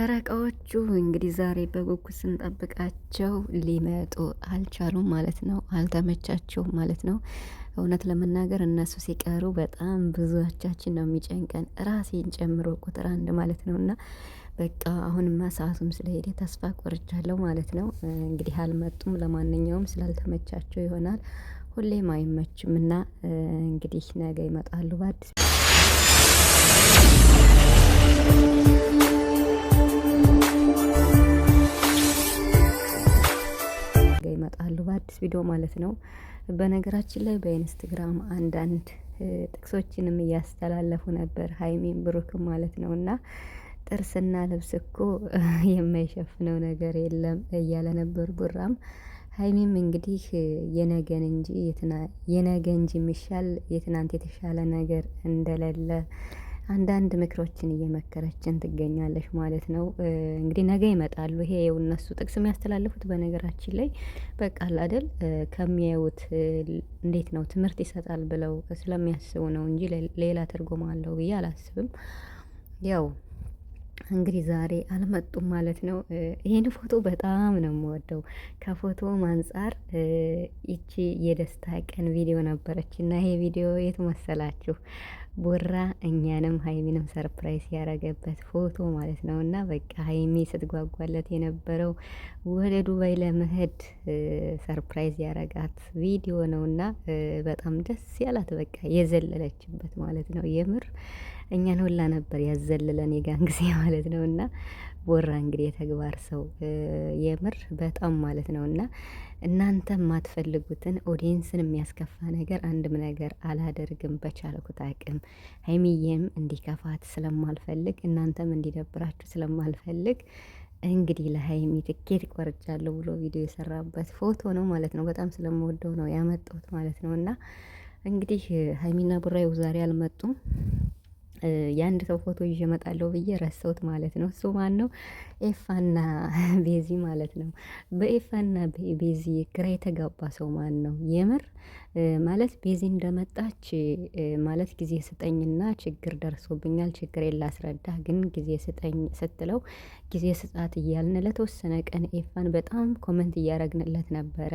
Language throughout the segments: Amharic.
ጨረቃዎቹ እንግዲህ ዛሬ በጉጉት ስንጠብቃቸው ሊመጡ አልቻሉም ማለት ነው። አልተመቻቸውም ማለት ነው። እውነት ለመናገር እነሱ ሲቀሩ በጣም ብዙዎቻችን ነው የሚጨንቀን ራሴን ጨምሮ ቁጥር አንድ ማለት ነው። እና በቃ አሁንማ ሰዓቱም ስለሄደ ተስፋ ቆርጫለሁ ማለት ነው። እንግዲህ አልመጡም። ለማንኛውም ስላልተመቻቸው ይሆናል። ሁሌም አይመችም እና እንግዲህ ነገ ይመጣሉ በአዲስ አዲስ ቪዲዮ ማለት ነው። በነገራችን ላይ በኢንስትግራም አንዳንድ ጥቅሶችንም እያስተላለፉ ነበር ሀይሚን ብሩክም ማለት ነው እና ጥርስና ልብስ እኮ የማይሸፍነው ነገር የለም እያለ ነበር ቡራም። ሀይሚም እንግዲህ የነገን እንጂ የነገ እንጂ የሚሻል የትናንት የተሻለ ነገር እንደሌለ አንዳንድ ምክሮችን እየመከረችን ትገኛለች ማለት ነው። እንግዲህ ነገ ይመጣሉ። ይሄ እነሱ ጥቅስ የሚያስተላልፉት በነገራችን ላይ በቃ አይደል ከሚያዩት እንዴት ነው ትምህርት ይሰጣል ብለው ስለሚያስቡ ነው እንጂ ሌላ ትርጉም አለው ብዬ አላስብም። ያው እንግዲህ ዛሬ አልመጡም ማለት ነው። ይህን ፎቶ በጣም ነው የምወደው። ከፎቶ አንጻር ይቺ የደስታ ቀን ቪዲዮ ነበረች እና ይሄ ቪዲዮ የት መሰላችሁ? ቦራ እኛንም ሀይሚንም ሰርፕራይዝ ያረገበት ፎቶ ማለት ነው። እና በቃ ሀይሚ ስትጓጓለት የነበረው ወደ ዱባይ ለመሄድ ሰርፕራይዝ ያረጋት ቪዲዮ ነው እና በጣም ደስ ያላት በቃ የዘለለችበት ማለት ነው። የምር እኛን ሁላ ነበር ያዘለለን የጋን ጊዜ ማለት ነው እና ቦራ እንግዲህ የተግባር ሰው የምር በጣም ማለት ነው። እና እናንተ የማትፈልጉትን ኦዲየንስን የሚያስከፋ ነገር አንድም ነገር አላደርግም በቻልኩት አቅም። ሀይሚዬም እንዲከፋት ስለማልፈልግ እናንተም እንዲደብራችሁ ስለማልፈልግ እንግዲህ ለሀይሚ ትኬት ቆርጫለሁ ብሎ ቪዲዮ የሰራበት ፎቶ ነው ማለት ነው። በጣም ስለምወደው ነው ያመጣሁት ማለት ነው። እና እንግዲህ ሀይሚና ቡራዩ ዛሬ አልመጡም። የአንድ ሰው ፎቶ ይዤ እመጣለሁ ብዬ ረሰውት ማለት ነው። እሱ ማን ነው? ኤፋና ቤዚ ማለት ነው። በኤፋና ቤዚ ግራ የተጋባ ሰው ማን ነው? የምር ማለት ቤዚ እንደመጣች ማለት ጊዜ ስጠኝና ችግር ደርሶብኛል፣ ችግር የላስረዳ ግን ጊዜ ስጠኝ ስትለው ጊዜ ስጣት እያልን ለተወሰነ ቀን ኤፋን በጣም ኮመንት እያረግንለት ነበረ።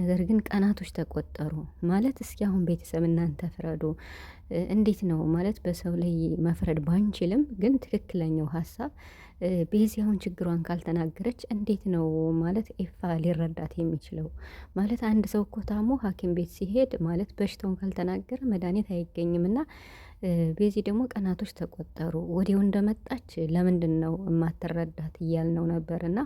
ነገር ግን ቀናቶች ተቆጠሩ ማለት እስኪ አሁን ቤተሰብ እናንተ ፍረዱ። እንዴት ነው ማለት በሰው ላይ መፍረድ ባንችልም፣ ግን ትክክለኛው ሀሳብ ቤዚ አሁን ችግሯን ካልተናገረች እንዴት ነው ማለት ኤፋ ሊረዳት የሚችለው? ማለት አንድ ሰው እኮ ታሞ ሀኪም ቤት ሲሄድ ማለት በሽታውን ካልተናገረ መድኃኒት አይገኝም እና ቤዚ ደግሞ ቀናቶች ተቆጠሩ ወዲያው እንደመጣች ለምንድን ነው የማትረዳት እያልነው ነበር እና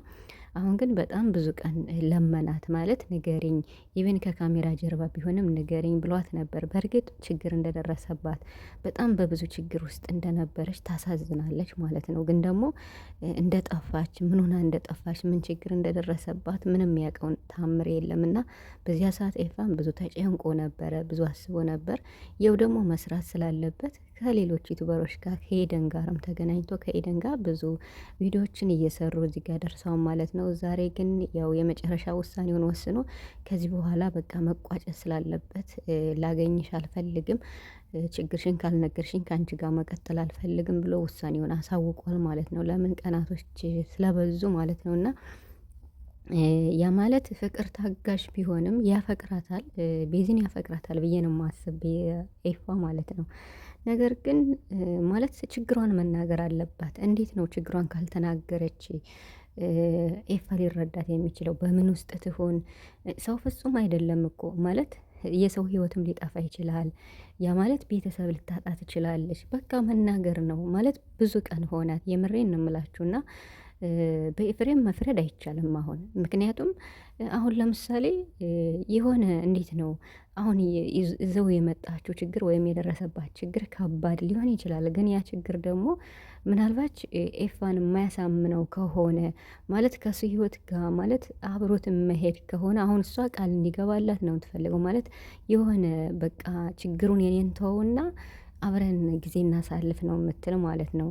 አሁን ግን በጣም ብዙ ቀን ለመናት ማለት ንገሪኝ፣ ኢቨን ከካሜራ ጀርባ ቢሆንም ንገሪኝ ብሏት ነበር። በእርግጥ ችግር እንደደረሰባት በጣም በብዙ ችግር ውስጥ እንደነበረች ታሳዝናለች ማለት ነው። ግን ደግሞ እንደጠፋች ምን ሆና እንደጠፋች ምን ችግር እንደደረሰባት ምንም ያውቀውን ታምር የለም እና በዚያ ሰዓት ኤፋም ብዙ ተጨንቆ ነበረ፣ ብዙ አስቦ ነበር። የው ደግሞ መስራት ስላለበት ከሌሎች ዩቱበሮች ጋር ከኤደን ጋርም ተገናኝቶ ከኤደን ጋር ብዙ ቪዲዮዎችን እየሰሩ እዚጋ ጋር ደርሰውን ማለት ነው። ነው። ዛሬ ግን ያው የመጨረሻ ውሳኔውን ወስኖ ከዚህ በኋላ በቃ መቋጨት ስላለበት ላገኝሽ አልፈልግም፣ ችግርሽን ካልነገርሽኝ ከአንቺ ጋር መቀጠል አልፈልግም ብሎ ውሳኔውን አሳውቋል ማለት ነው። ለምን ቀናቶች ስለበዙ ማለት ነው እና ያ ማለት ፍቅር ታጋሽ ቢሆንም ያፈቅራታል፣ ቤዚን ያፈቅራታል ብዬ ነው ማስብ ኤፋ ማለት ነው። ነገር ግን ማለት ችግሯን መናገር አለባት። እንዴት ነው ችግሯን ካልተናገረች ኤፋ ሊረዳት የሚችለው በምን ውስጥ ትሆን? ሰው ፍጹም አይደለም እኮ ማለት የሰው ህይወትም ሊጠፋ ይችላል። ያ ማለት ቤተሰብ ልታጣ ትችላለች። በቃ መናገር ነው ማለት ብዙ ቀን ሆናት። የምሬን ነው በኤፍሬም መፍረድ አይቻልም። አሁን ምክንያቱም አሁን ለምሳሌ የሆነ እንዴት ነው አሁን ይዘው የመጣችው ችግር ወይም የደረሰባት ችግር ከባድ ሊሆን ይችላል። ግን ያ ችግር ደግሞ ምናልባች ኤፋን የማያሳምነው ከሆነ ማለት ከሱ ህይወት ጋር ማለት አብሮት መሄድ ከሆነ አሁን እሷ ቃል እንዲገባላት ነው የምትፈልገው ማለት የሆነ በቃ ችግሩን የኔን ተወውና ጊዜ እናሳልፍ ነው የምትል ማለት ነው።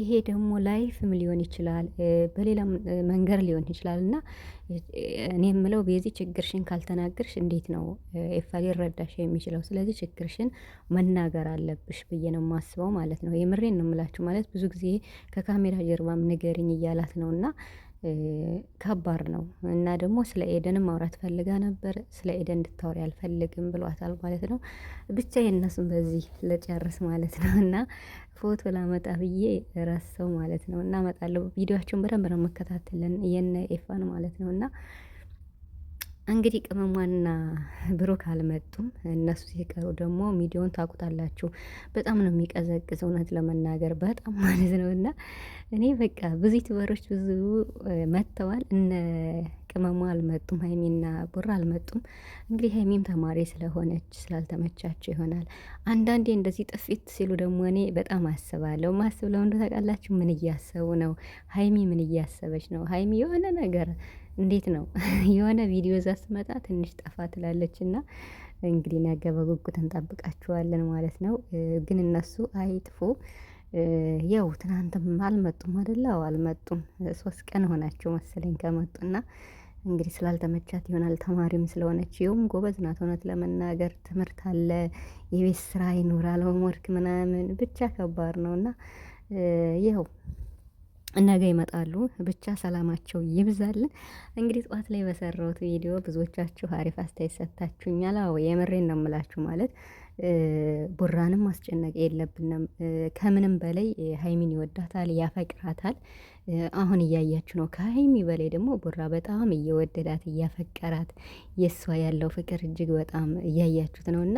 ይሄ ደግሞ ላይፍም ሊሆን ይችላል በሌላ መንገድ ሊሆን ይችላል። እና እኔ የምለው ቤዚ ችግርሽን ካልተናገርሽ እንዴት ነው ኤፋ ሊረዳሽ የሚችለው? ስለዚህ ችግርሽን መናገር አለብሽ ብዬ ነው የማስበው ማለት ነው። የምሬን ነው የምላችሁ ማለት ብዙ ጊዜ ከካሜራ ጀርባም ንገሪኝ እያላት ነው እና ከባድ ነው እና ደግሞ ስለ ኤደንም ማውራት ፈልጋ ነበር። ስለ ኤደን እንድታወሪ አልፈልግም ብሏታል ማለት ነው። ብቻ የነሱም በዚህ ለጨርስ ማለት ነው እና ፎቶ ላመጣ ብዬ ረሰው ማለት ነው እና እመጣለሁ። ቪዲዮቸውን በደንብ ነው መከታተልን የነ ኤፋን ማለት ነው እና እንግዲህ ቅመሟና ብሩክ አልመጡም። እነሱ ሲቀሩ ደግሞ ሚዲዮን ታውቁታላችሁ። በጣም ነው የሚቀዘቅዝ እውነት ለመናገር በጣም ማለት ነው። እና እኔ በቃ ብዙ ዩቱበሮች ብዙ መጥተዋል። እነ ቅመሟ አልመጡም፣ ሀይሚና ቡራ አልመጡም። እንግዲህ ሀይሚም ተማሪ ስለሆነች ስላልተመቻቸው ይሆናል። አንዳንዴ እንደዚህ ጥፊት ሲሉ ደግሞ እኔ በጣም አስባለሁ። ማስብ ለወንዶ ታውቃላችሁ፣ ምን እያሰቡ ነው? ሀይሚ ምን እያሰበች ነው? ሀይሚ የሆነ ነገር እንዴት ነው የሆነ ቪዲዮ እዛ ስመጣ ትንሽ ጠፋ ትላለች እና እንግዲህ ነገ በጉጉት እንጠብቃችኋለን ማለት ነው። ግን እነሱ አይጥፎ ያው ትናንትም አልመጡም አይደለ? አልመጡም። ሶስት ቀን ሆናቸው መሰለኝ ከመጡና እንግዲህ ስላልተመቻት ይሆናል ተማሪም ስለሆነች ይኸውም ጎበዝ ናት። እውነት ለመናገር ትምህርት አለ፣ የቤት ስራ ይኖራል፣ ሆምወርክ ምናምን ብቻ ከባድ ነው እና ይኸው ነገ ይመጣሉ። ብቻ ሰላማቸው ይብዛልን። እንግዲህ ጠዋት ላይ በሰራሁት ቪዲዮ ብዙዎቻችሁ አሪፍ አስተያየት ሰጥታችሁኛል። አዎ የምሬን ነው የምላችሁ። ማለት ቡራንም ማስጨነቅ የለብንም። ከምንም በላይ ሀይሚን ይወዳታል፣ ያፈቅራታል። አሁን እያያችሁ ነው። ከሀይሚ በላይ ደግሞ ቡራ በጣም እየወደዳት እያፈቀራት የእሷ ያለው ፍቅር እጅግ በጣም እያያችሁት ነው እና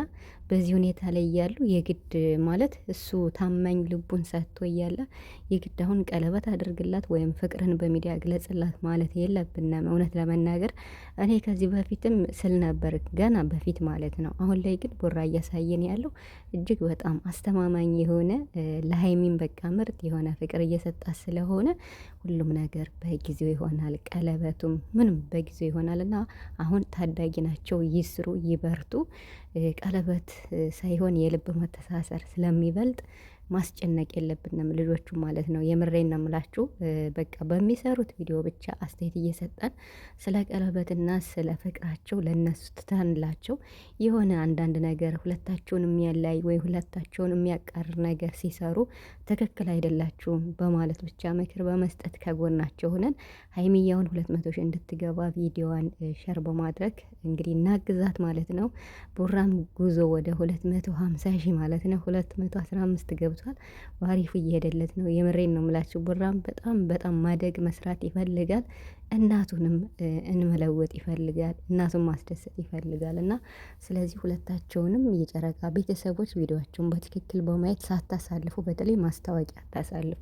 በዚህ ሁኔታ ላይ እያሉ የግድ ማለት እሱ ታማኝ ልቡን ሰጥቶ እያለ የግድ አሁን ቀለበት አድርግላት ወይም ፍቅርን በሚዲያ ግለጽላት ማለት የለብንም። እውነት ለመናገር እኔ ከዚህ በፊትም ስል ነበር፣ ገና በፊት ማለት ነው። አሁን ላይ ግን ቦራ እያሳየን ያለው እጅግ በጣም አስተማማኝ የሆነ ለሀይሚን በቃ ምርጥ የሆነ ፍቅር እየሰጣት ስለሆነ ሁሉም ነገር በጊዜው ይሆናል። ቀለበቱም ምንም በጊዜው ይሆናል እና አሁን ታዳጊ ናቸው፣ ይስሩ፣ ይበርቱ። ቀለበት ሳይሆን የልብ መተሳሰር ስለሚበልጥ ማስጨነቅ የለብንም ልጆቹ ማለት ነው። የምሬን ነው የምላችሁ። በቃ በሚሰሩት ቪዲዮ ብቻ አስተያየት እየሰጠን ስለ ቀለበትና ስለ ፍቅራቸው ለእነሱ ትተንላቸው የሆነ አንዳንድ ነገር ሁለታቸውን የሚያለያይ ወይ ሁለታቸውን የሚያቃር ነገር ሲሰሩ ትክክል አይደላችሁም በማለት ብቻ ምክር በመስጠት ከጎናቸው ሆነን ሀይሚያውን ሁለት መቶ ሺህ እንድትገባ ቪዲዮዋን ሸር በማድረግ እንግዲህ እናግዛት ማለት ነው። ቡራም ጉዞ ወደ ሁለት መቶ ሀምሳ ሺህ ማለት ነው ሁለት መቶ አስራ አምስት ገብቷል። በአሪፉ እየሄደለት ነው። የምሬን ነው ምላችሁ። ቡራም በጣም በጣም ማደግ መስራት ይፈልጋል። እናቱንም እንመለወጥ ይፈልጋል። እናቱን ማስደሰት ይፈልጋል። እና ስለዚህ ሁለታቸውንም የጨረቃ ቤተሰቦች ቪዲዮቸውን በትክክል በማየት ሳታሳልፉ፣ በተለይ ማስታወቂያ አታሳልፉ።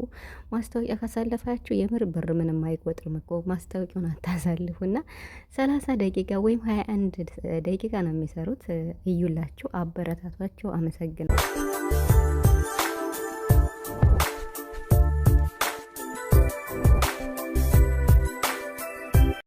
ማስታወቂያ ካሳለፋችሁ የምር ብር ምንም አይቆጥርም እኮ ማስታወቂያውን አታሳልፉ። እና ሰላሳ ደቂቃ ወይም ሀያ አንድ ደቂቃ ነው የሚሰሩት። እዩላቸው፣ አበረታቷቸው። አመሰግናለሁ።